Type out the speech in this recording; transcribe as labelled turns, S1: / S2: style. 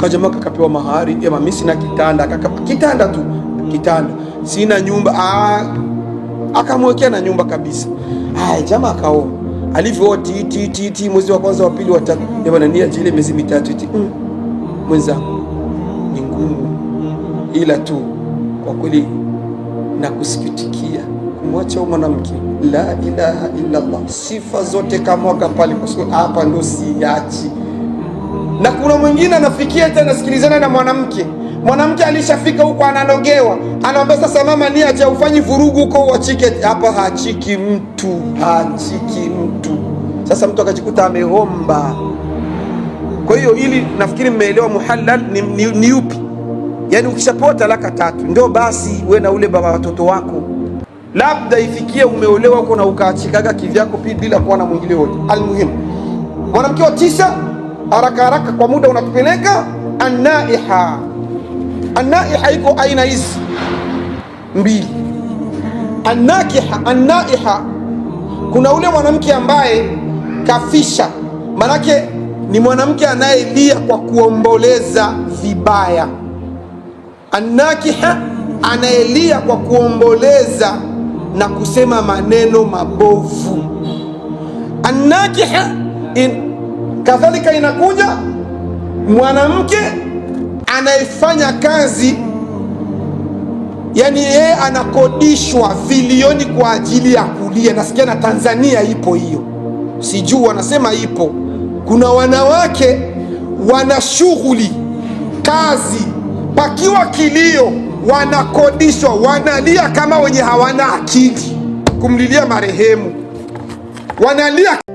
S1: kajamaa kakapewa mahari ya mami sina kitanda, akakapa kitanda tu kitanda, sina nyumba akamwekea na nyumba kabisa. Haya, jamaa akaomba, alivyooti oh, iti iti ti mwezi wa kwanza, wa pili, wa tatu, ya bwana nia jile miezi mitatu iti mm. Mwenzangu ni ngumu, ila tu kwa kweli kusikitikia kumwacha mwanamke. La ilaha illa Allah, sifa zote kamwaka pale, kwa sababu hapa ndo siachi na kuna mwingine anafikia hata anasikilizana na mwanamke, mwanamke alishafika huko ananogewa, anaomba sasa, mama ni acha ufanyi vurugu huko uachike hapa. Hachiki mtu, hachiki mtu. Sasa mtu akajikuta amehomba. Kwa hiyo ili nafikiri mmeelewa muhalal ni, ni, ni upi? Yaani ukishapewa talaka tatu ndio basi, we na ule baba watoto wako labda ifikie umeolewa huko na ukaachikaga kivyako bila kuwa na mwingine wote. Almuhimu mwanamke wa tisa haraka haraka kwa muda unatupeleka anaiha. Anaiha iko aina hizi mbili, anakiha, anaiha. Kuna ule mwanamke ambaye kafisha, manake ni mwanamke anayelia kwa kuomboleza vibaya. Anakiha anayelia kwa kuomboleza na kusema maneno mabovu. Anakiha in Kadhalika inakuja mwanamke anayefanya kazi, yani yeye anakodishwa vilioni kwa ajili ya kulia. Nasikia na Tanzania ipo hiyo, sijui wanasema ipo. Kuna wanawake wana shughuli kazi, pakiwa kilio, wanakodishwa, wanalia kama wenye hawana akili kumlilia marehemu, wanalia